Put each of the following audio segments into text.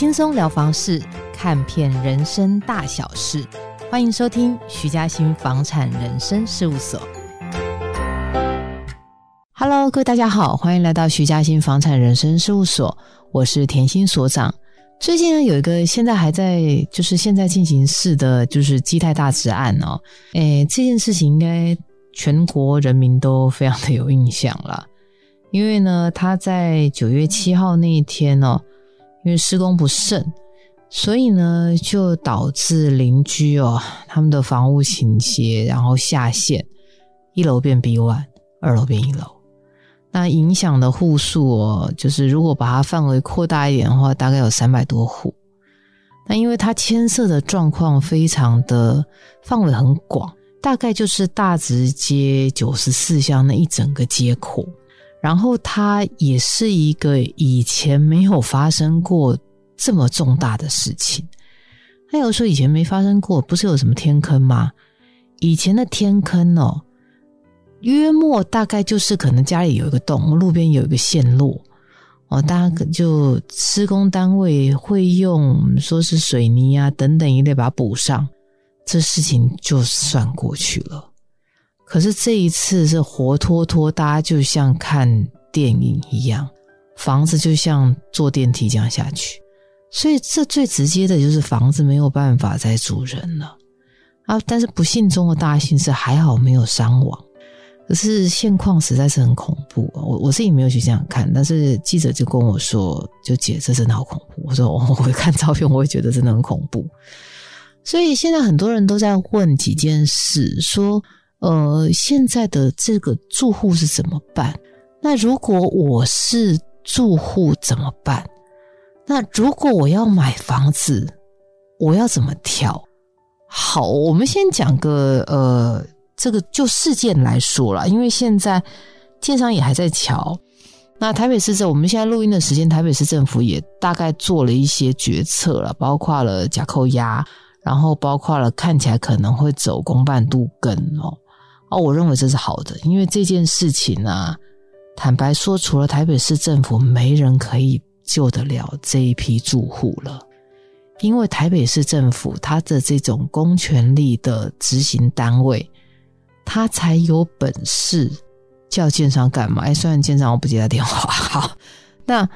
輕鬆聊房事，看遍人生大小事，歡迎收聽徐嘉欣房產人生事務所。Hello，各位大家好，歡迎來到徐嘉欣房產人生事務所，我是甜心所長。最近呢，有一個現在還在就是現在進行式的，就是積泰大池案哦，誒，這件事情應該全國人民都非常的有印象了，因為呢，他在九月七號那一天哦。因為施工不慎，所以呢，就導致鄰居哦，他們的房屋傾斜，然後下陷，一樓變 B one，二樓變一樓。那影響的戶數哦，就是如果把它範圍擴大一點的話，大概有三百多戶。那因為它牽涉的狀況非常的，範圍很廣，大概就是大直街九十四巷那一整個街口。然後他也是一個以前沒有發生過這麼重大的事情。他、哎、有說以前沒發生過，不是有什麼天坑嗎？以前的天坑哦，約莫大概就是可能家裡有一個洞，路邊有一個陷落。哦，大家就施工單位會用說是水泥啊等等一類把它補上，這事情就算過去了。可是這一次是活脫脫，大家就像看電影一樣，房子就像坐電梯這樣下去，所以這最直接的就是房子沒有辦法再住人了啊！但是不幸中的大幸是還好沒有傷亡，可是現況實在是很恐怖。我我自己沒有去這樣看，但是記者就跟我說：“就姐，這真的好恐怖。”我說：“我會看照片，我會覺得真的很恐怖。”所以現在很多人都在問幾件事，說。呃，現在的這個住戶是怎麼辦？那如果我是住戶怎麼辦？那如果我要買房子，我要怎麼挑？好，我們先講個呃，這個就事件來說了，因為現在建商也還在喬。那台北市政府，我們現在錄音的時間，台北市政府也大概做了一些決策了，包括了假扣押，然後包括了看起來可能會走公辦都更哦。哦，我認為這是好的，因為這件事情呢、啊，坦白說，除了台北市政府，沒人可以救得了這一批住戶了。因為台北市政府他的這種公權力的執行單位，他才有本事叫建商幹嘛？哎，雖然建商我不接他電話，好，那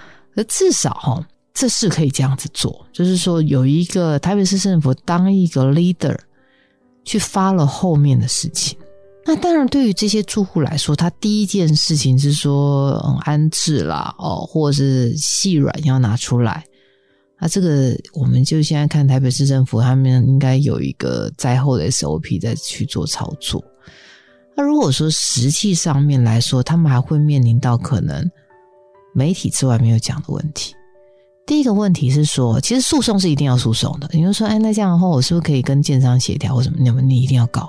至少這事可以這樣子做，就是說有一個台北市政府當一個 leader 去 follow 後面的事情。那當然，對於這些住戶來說，他第一件事情是說，嗯，安置啦，哦，或者是細軟要拿出來。那這個，我們就現在看台北市政府，他們應該有一個災後的 SOP 在去做操作。那如果說實際上面來說，他們還會面臨到可能媒體之外沒有講的問題。第一個問題是說，其實訴訟是一定要訴訟的。你就說，哎，那這樣的話，我是不是可以跟建商協調，或什麼？你們你一定要搞。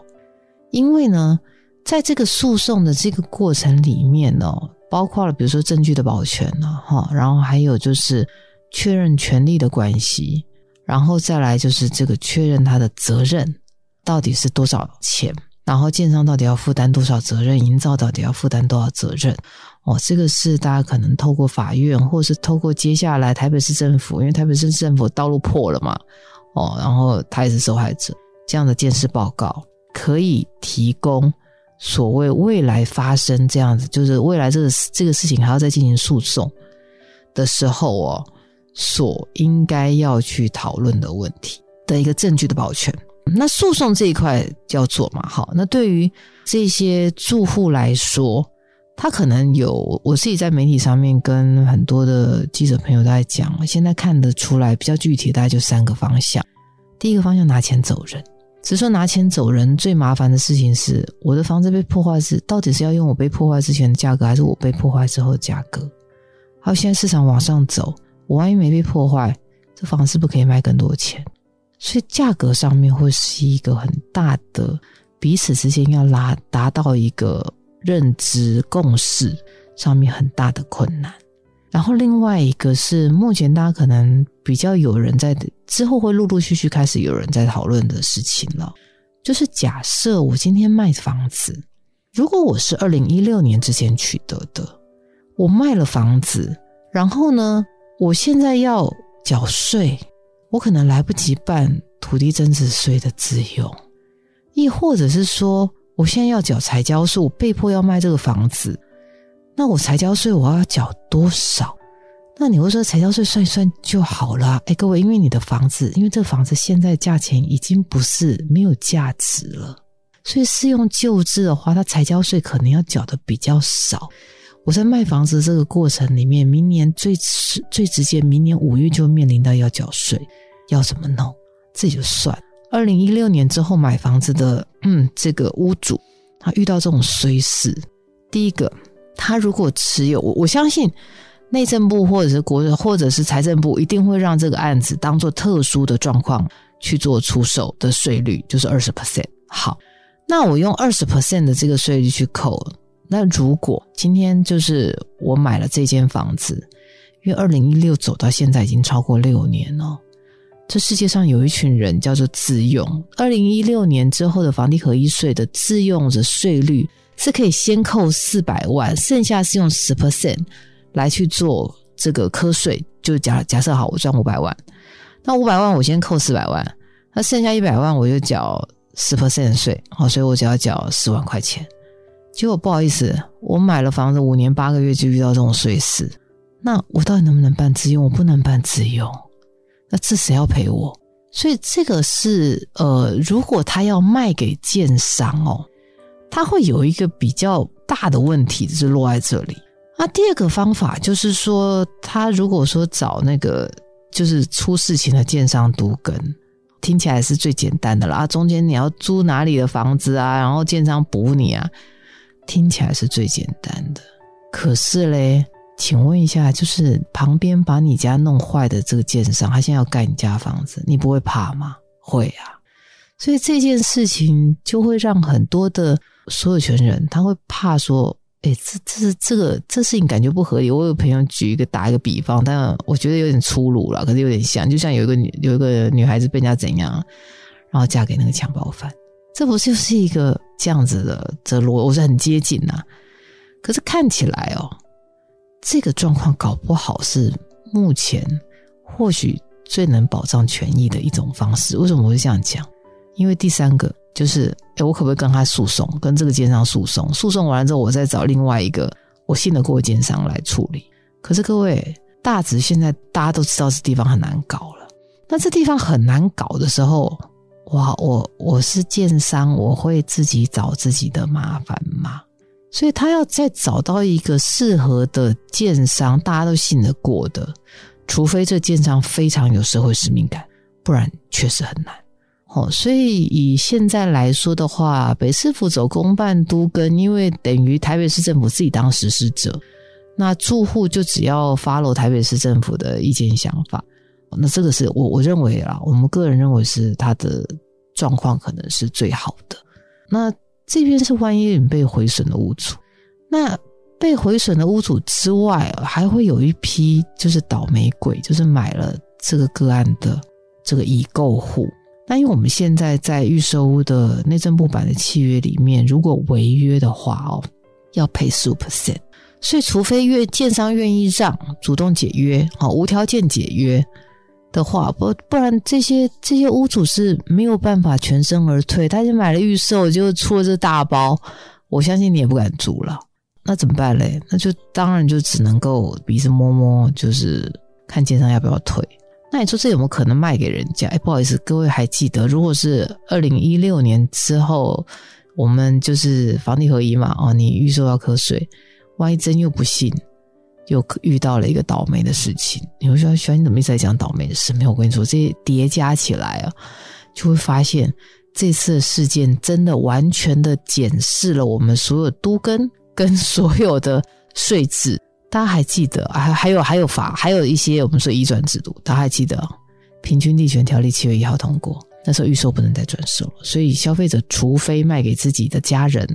因為呢，在這個訴訟的這個過程裡面呢、哦，包括了比如說證據的保全吶，哈，然後還有就是確認權利的關係，然後再來就是這個確認他的責任到底是多少錢，然後建商到底要負擔多少責任，營造到底要負擔多少責任，哦，這個是大家可能透過法院，或是透過接下來台北市政府，因為台北市政府道路破了嘛，哦，然後他也是受害者，這樣的鑑識報告。可以提供所謂未來發生這樣子，就是未來這個這個事情還要再進行訴訟的時候哦，所應該要去討論的問題的一個證據的保全。那訴訟這一塊叫做嘛？好，那對於這些住戶來說，他可能有，我自己在媒體上面跟很多的記者朋友都在講，我現在看得出來比較具體，大概就三個方向。第一個方向拿錢走人。只說拿錢走人，最麻煩的事情是，我的房子被破壞是，到底是要用我被破壞之前的價格，還是我被破壞之後的價格？還有現在市場往上走，我萬一沒被破壞，這房子是不是可以賣更多錢？所以價格上面會是一個很大的，彼此之間要拉達到一個認知共識上面很大的困難。然後，另外一個是目前大家可能比較有人在之後會陸陸續續開始有人在討論的事情了，就是假設我今天賣房子，如果我是二零一六年之前取得的，我賣了房子，然後呢，我現在要繳稅，我可能來不及辦土地增值稅的自由，亦或者是說我現在要繳財交稅，我被迫要賣這個房子。那我財交稅，我要繳多少？那你會說，財交稅算一算就好了。哎，各位，因為你的房子，因為這房子現在價錢已經不是沒有價值了，所以適用舊制的話，它財交稅可能要繳的比較少。我在賣房子這個過程裡面，明年最最直接，明年五月就面臨到要繳稅，要怎麼弄？這就算二零一六年之後買房子的，嗯，這個屋主他遇到這種衰事，第一個。他如果持有，我我相信內政部或者是國或者是財政部一定會讓這個案子當做特殊的狀況去做出售的稅率，就是二十 percent。好，那我用二十 percent 的這個稅率去扣。那如果今天就是我買了這間房子，因為二零一六走到現在已經超過六年了哦。這世界上有一群人叫做自用，二零一六年之後的房地合一稅的自用的稅率。是可以先扣四百萬，剩下，是用十 percent 來去做這個課稅。就假假設，好，我賺五百萬，那五百萬我先扣四百萬，那剩下一百萬我就繳十 percent 稅。好，所以我只要繳十萬塊錢。結果不好意思，我買了房子五年八個月就遇到這種衰事。那我到底能不能辦自用？我不能辦自用，那這誰要賠我？所以這個是呃，如果他要賣給建商哦。他會有一個比較大的問題、就是落在這裡。那、啊、第二個方法就是說，他如果說找那個就是出事情的建商獨根，聽起來是最簡單的啦。啊。中間你要租哪裡的房子啊，然後建商補你啊，聽起來是最簡單的。可是嘞，請問一下，就是旁邊把你家弄壞的這個建商，他現在要蓋你家房子，你不會怕嗎？會啊，所以這件事情就會讓很多的。所有權人他會怕說，哎、欸，這這是這個這事情感覺不合理。我有朋友舉一個打一個比方，但我覺得有點粗魯了，可是有點像，就像有一個女有一個女孩子被人家怎樣，然後嫁給那個強暴犯，這不就是一個這樣子的這邏，我是很接近吶、啊。可是看起來哦，這個狀況搞不好是目前或許最能保障權益的一種方式。為什麼我會這樣講？因為第三個。就是，哎、欸，我可不可以跟他訴訟，跟這個奸商訴訟？訴訟完了之後，我再找另外一個我信得過的奸商來處理。可是各位，大直現在大家都知道這地方很難搞了。那這地方很難搞的時候，哇，我我是奸商，我會自己找自己的麻煩嗎？所以他要再找到一個適合的奸商，大家都信得過的，除非這奸商非常有社會使命感，不然確實很難。哦、所以以現在來說的話，北市府走公辦都更，因為等於台北市政府自己當實施者，那住戶就只要 follow 台北市政府的意見想法。那這個是我我認為啦，我們個人認為是他的狀況可能是最好的。那這邊是萬一你被毀損的屋主，那被毀損的屋主之外，還會有一批就是倒霉鬼，就是買了這個個案的這個已購戶。那因為我們現在在預售屋的內政部版的契約裡面，如果違約的話哦，要賠數 percent，所以除非願建商願意讓主動解約，啊、哦，無條件解約的話，不不然這些這些屋主是沒有辦法全身而退，他就買了預售就出了這大包，我相信你也不敢租了，那怎麼辦嘞？那就當然就只能夠鼻子摸摸，就是看建商要不要退。那你說這有沒有可能賣給人家？哎、欸，不好意思，各位還記得，如果是二零一六年之後，我們就是房地合一嘛？哦，你預售要扣稅，萬一真又不幸又遇到了一個倒霉的事情，你會說：“小安你怎麼一直在講倒霉的事？”沒有，我跟你說，這些疊加起來啊，就會發現這次事件真的完全的檢視了我們所有都更跟所有的稅制。大家還記得，還還有還有法，還有一些我們說移轉制度，大家還記得？平均地權條例七月一號通過，那時候預售不能再轉售，所以消費者除非賣給自己的家人，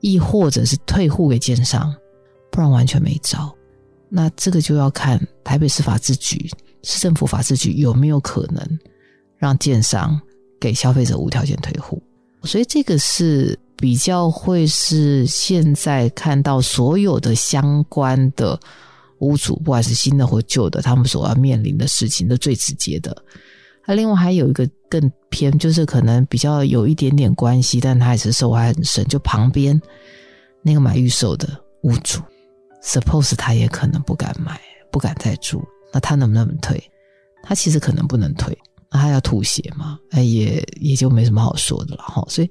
亦或者是退戶給建商，不然完全沒招。那這個就要看台北市法制局、市政府法制局有沒有可能讓建商給消費者無條件退戶，所以這個是。比較會是現在看到所有的相關的屋主，不管是新的或舊的，他們所要面臨的事情的最直接的，啊。另外還有一個更偏，就是可能比較有一點點關係，但他也是受害很深。就旁邊那個買預售的屋主，Suppose 他也可能不敢買，不敢再住。那他能不能退？他其實可能不能退，那他要吐血嘛。也也就沒什麼好說的了哈。所以。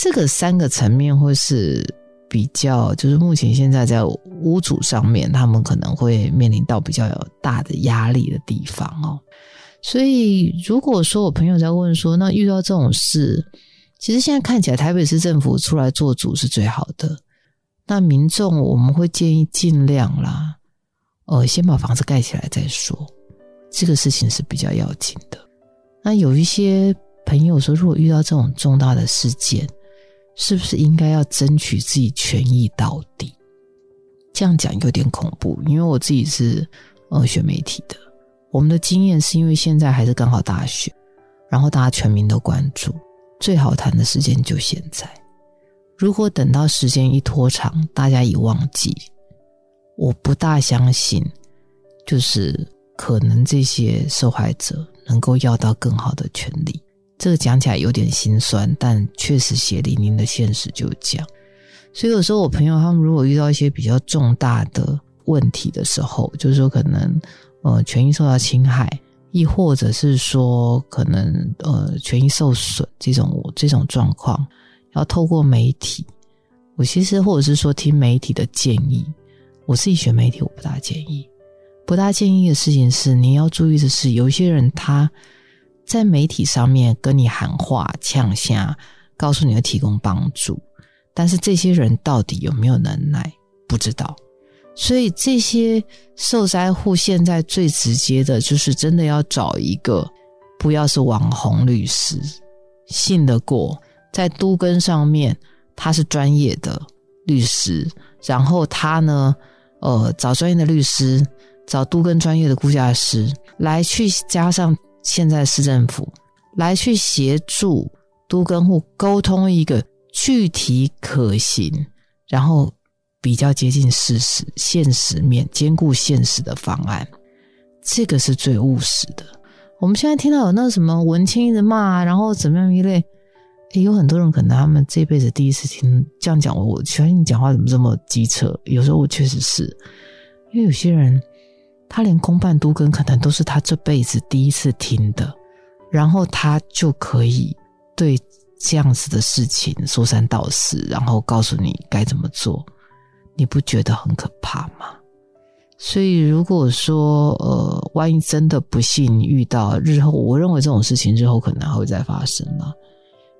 這個三個層面會是比較，就是目前現在在屋主上面，他們可能會面臨到比較有大的壓力的地方哦。所以，如果說我朋友在問說，那遇到這種事，其實現在看起來台北市政府出來做主是最好的。那民眾我們會建議儘量啦，呃，先把房子蓋起來再說，這個事情是比較要緊的。那有一些朋友說，如果遇到這種重大的事件，是不是應該要爭取自己權益到底？這樣講有點恐怖，因為我自己是呃學媒體的，我們的經驗是因為現在還是剛好大選，然後大家全民都關注，最好談的時間就現在。如果等到時間一拖長，大家已忘記，我不大相信，就是可能這些受害者能夠要到更好的權利。這個講起來有點心酸，但確實血淋淋的現實就是這樣。所以有時候我朋友他們如果遇到一些比較重大的問題的時候，就是說可能呃權益受到侵害，亦或者是說可能呃權益受損這種我這種狀況，要透過媒體，我其實或者是說聽媒體的建議，我自己選媒體我不大建議。不大建議的事情是你要注意的是，有一些人他。在媒體上面跟你喊話嗆聲，告訴你要提供幫助，但是這些人到底有沒有能耐不知道，所以這些受災戶現在最直接的就是真的要找一個，不要是網紅律師，信得過，在都更上面他是專業的律師，然後他呢，呃，找專業的律師，找都更專業的估價師來去加上。現在市政府來去協助都更戶溝通一個具體可行，然後比較接近事實現實面，兼顧現實的方案，這個是最務實的。我們現在聽到有那什麼文青一直罵，啊，然後怎麼樣一類，有很多人可能他們這輩子第一次聽這樣講，我，我發現你講話怎麼這麼機車？有時候我確實是因為有些人。他連公辦都更，可能都是他這輩子第一次聽的，然後他就可以對這樣子的事情說三道四，然後告訴你該怎麼做，你不覺得很可怕嗎？所以如果說呃，萬一真的不幸遇到，日後我認為這種事情日後可能會再發生嘛，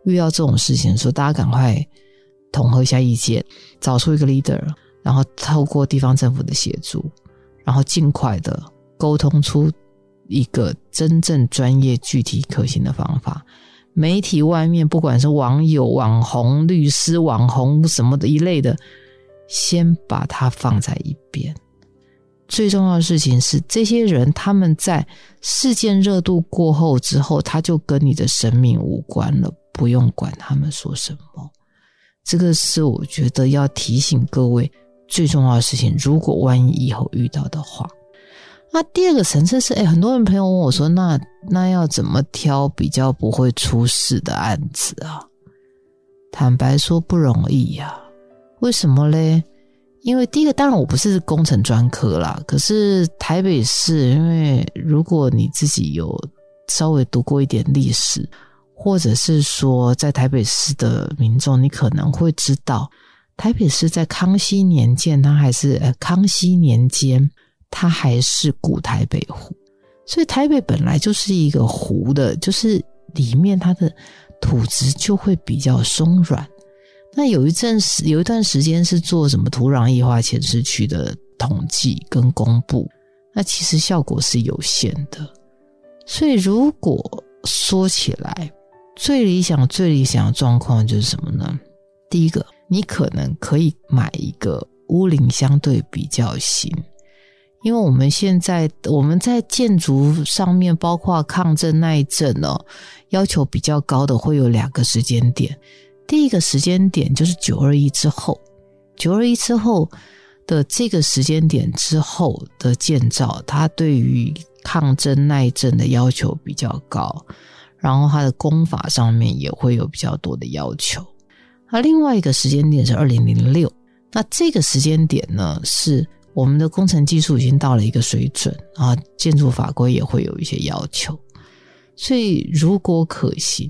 遇到這種事情的時候，大家趕快統合一下意見，找出一個 leader，然後透過地方政府的協助。然後盡快的溝通出一個真正專業、具體、可行的方法。媒體外面，不管是網友、網紅、律師、網紅什麼的一類的，先把它放在一邊。最重要的事情是，這些人他們在事件熱度過後之後，他就跟你的生命無關了，不用管他們說什麼。這個是我覺得要提醒各位。最重要的事情，如果萬一以後遇到的話，那第二個層次是，誒，很多人朋友問我說，那那要怎麼挑比較不會出事的案子啊？坦白說不容易呀、啊。為什麼呢？因為第一個，當然我不是工程專科啦。可是台北市，因為如果你自己有稍微讀過一點歷史，或者是說在台北市的民眾，你可能會知道。台北是在康熙年間，它還是、呃、康熙年間，它還是古台北湖，所以台北本來就是一個湖的，就是裡面它的土質就會比較鬆軟。那有一陣時，有一段時間是做什麼土壤液化潛勢區的統計跟公布，那其實效果是有限的。所以如果說起來，最理想、最理想的狀況就是什麼呢？第一個。你可能可以買一個屋齡相對比較新，因為我們現在我們在建築上面，包括抗震耐震呢，要求比較高的會有兩個時間點。第一個時間點就是九二一之後，九二一之後的這個時間點之後的建造，它對於抗震耐震的要求比較高，然後它的工法上面也會有比較多的要求。而另外一個時間點是二零零六，那這個時間點呢，是我們的工程技術已經到了一個水準啊，建築法規也會有一些要求，所以如果可行，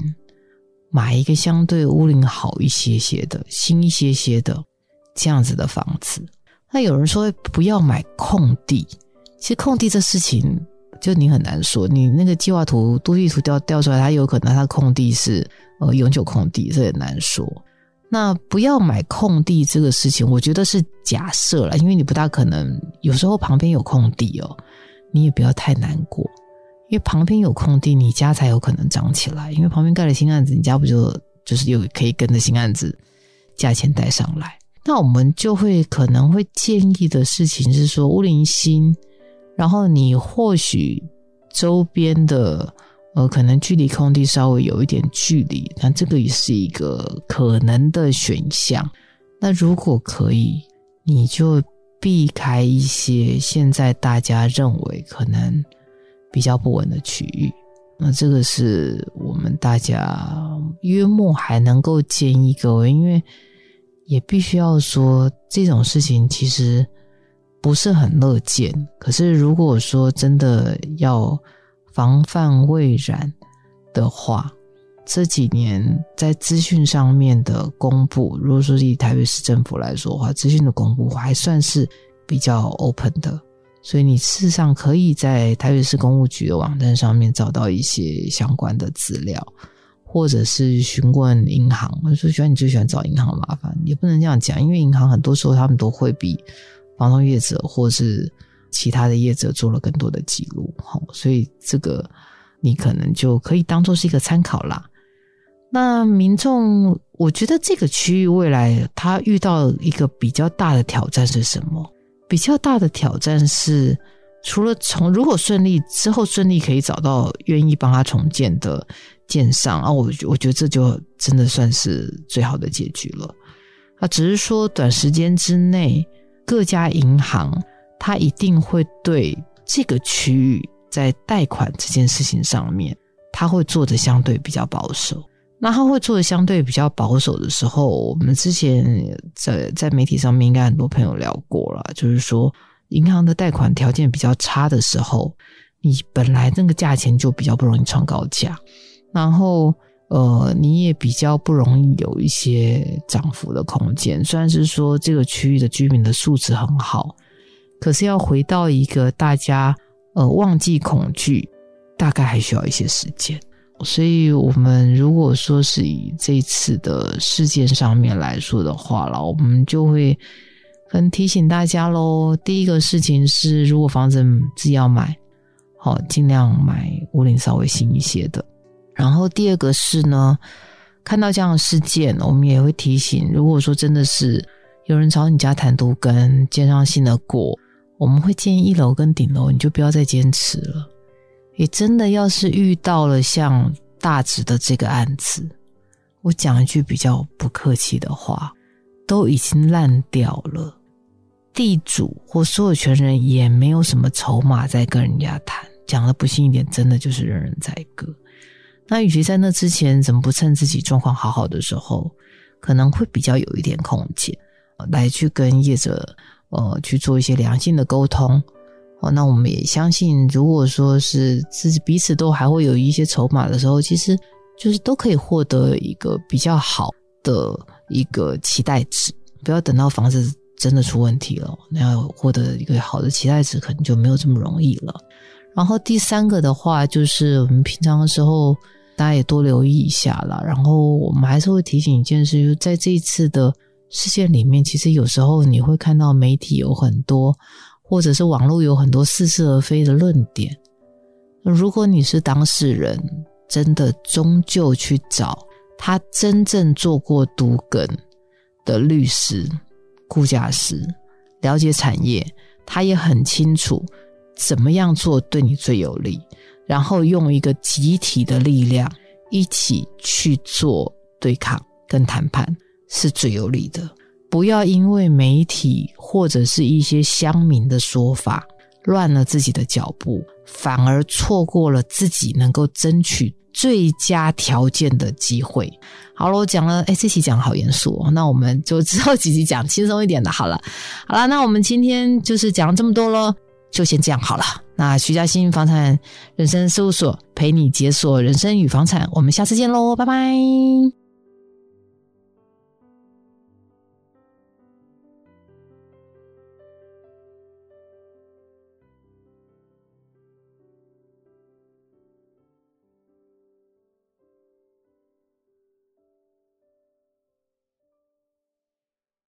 買一個相對屋齡好一些些的新一些些的這樣子的房子。那有人說不要買空地，其實空地這事情就你很難說，你那個計劃圖、都計圖調調出來，它有可能它空地是呃永久空地，這也難說。那不要買空地這個事情，我覺得是假設了，因為你不大可能。有時候旁邊有空地哦，你也不要太難過，因為旁邊有空地，你家才有可能漲起來。因為旁邊蓋了新案子，你家不就就是又可以跟着新案子價錢帶上來？那我們就會可能會建議的事情是說，屋齡新，然後你或許周邊的。呃，可能距離空地稍微有一點距離，那這個也是一個可能的選項。那如果可以，你就避開一些現在大家認為可能比較不穩的區域。那這個是我們大家約莫還能夠建議各位，因為也必須要說這種事情其實不是很樂見。可是如果說真的要。防範未然的話，這幾年在資訊上面的公布，如果說以台北市政府來說的話，資訊的公布還算是比較 open 的，所以你事實上可以在台北市工務局的網站上面找到一些相關的資料，或者是詢問銀行。我就喜歡你最喜歡找銀行麻煩，也不能這樣講，因為銀行很多時候他們都會比房東業者或者是，其他的業者做了更多的記錄，所以這個你可能就可以當做是一個參考啦。那民眾，我覺得這個區域未來他遇到一個比較大的挑戰是什麼？比較大的挑戰是，除了從如果順利之後順利可以找到願意幫他重建的建商啊，我我覺得這就真的算是最好的結局了啊。只是說短時間之內各家銀行。他一定會對這個區域在貸款這件事情上面，他會做的相對比較保守。那他會做的相對比較保守的時候，我們之前在在媒體上面應該很多朋友聊過了，就是說銀行的貸款條件比較差的時候，你本來那個價錢就比較不容易創高價，然後呃你也比較不容易有一些漲幅的空間。雖然是說這個區域的居民的素質很好。可是要回到一個大家呃忘記恐懼，大概還需要一些時間。所以，我們如果說是以這次的事件上面來說的話了，我們就會很提醒大家嘍。第一個事情是，如果房子自己要買，好盡量買屋齡稍微新一些的。然後第二個是呢，看到這樣的事件，我們也會提醒，如果說真的是有人朝你家彈讀跟經上新的果。我們會建議一樓跟頂樓，你就不要再堅持了。也真的，要是遇到了像大直的這個案子，我講一句比較不客氣的話，都已經爛掉了。地主或所有權人也沒有什麼籌碼在跟人家談。講得不幸一點，真的就是任人宰割。那與其在那之前，怎麼不趁自己狀況好好的時候，可能會比較有一點空間，來去跟業者。呃，去做一些良性的溝通哦。那我們也相信，如果說是自己彼此都還會有一些籌碼的時候，其實就是都可以獲得一個比較好的一個期待值。不要等到房子真的出問題了，那要獲得一個好的期待值可能就沒有這麼容易了。然後第三個的話，就是我們平常的時候大家也多留意一下啦，然後我們還是會提醒一件事，就是在這一次的。事件裡面，其實有時候你會看到媒體有很多，或者是網絡有很多似是而非的論點。如果你是當事人，真的終究去找他真正做過都更的律師、估價師，了解產業，他也很清楚怎麼樣做對你最有利，然後用一個集體的力量一起去做對抗跟談判。是最有利的，不要因為媒體或者是一些鄉民的說法亂了自己的腳步，反而錯過了自己能夠爭取最佳條件的機會。好了，我講了，誒，這期講得好嚴肅哦，那我們就之後幾集講輕鬆一點的。好了，好了，那我們今天就是講這麼多嘍，就先這樣好了。那徐家新房產人生事務所陪你解鎖人生與房產，我們下次見嘍，拜拜。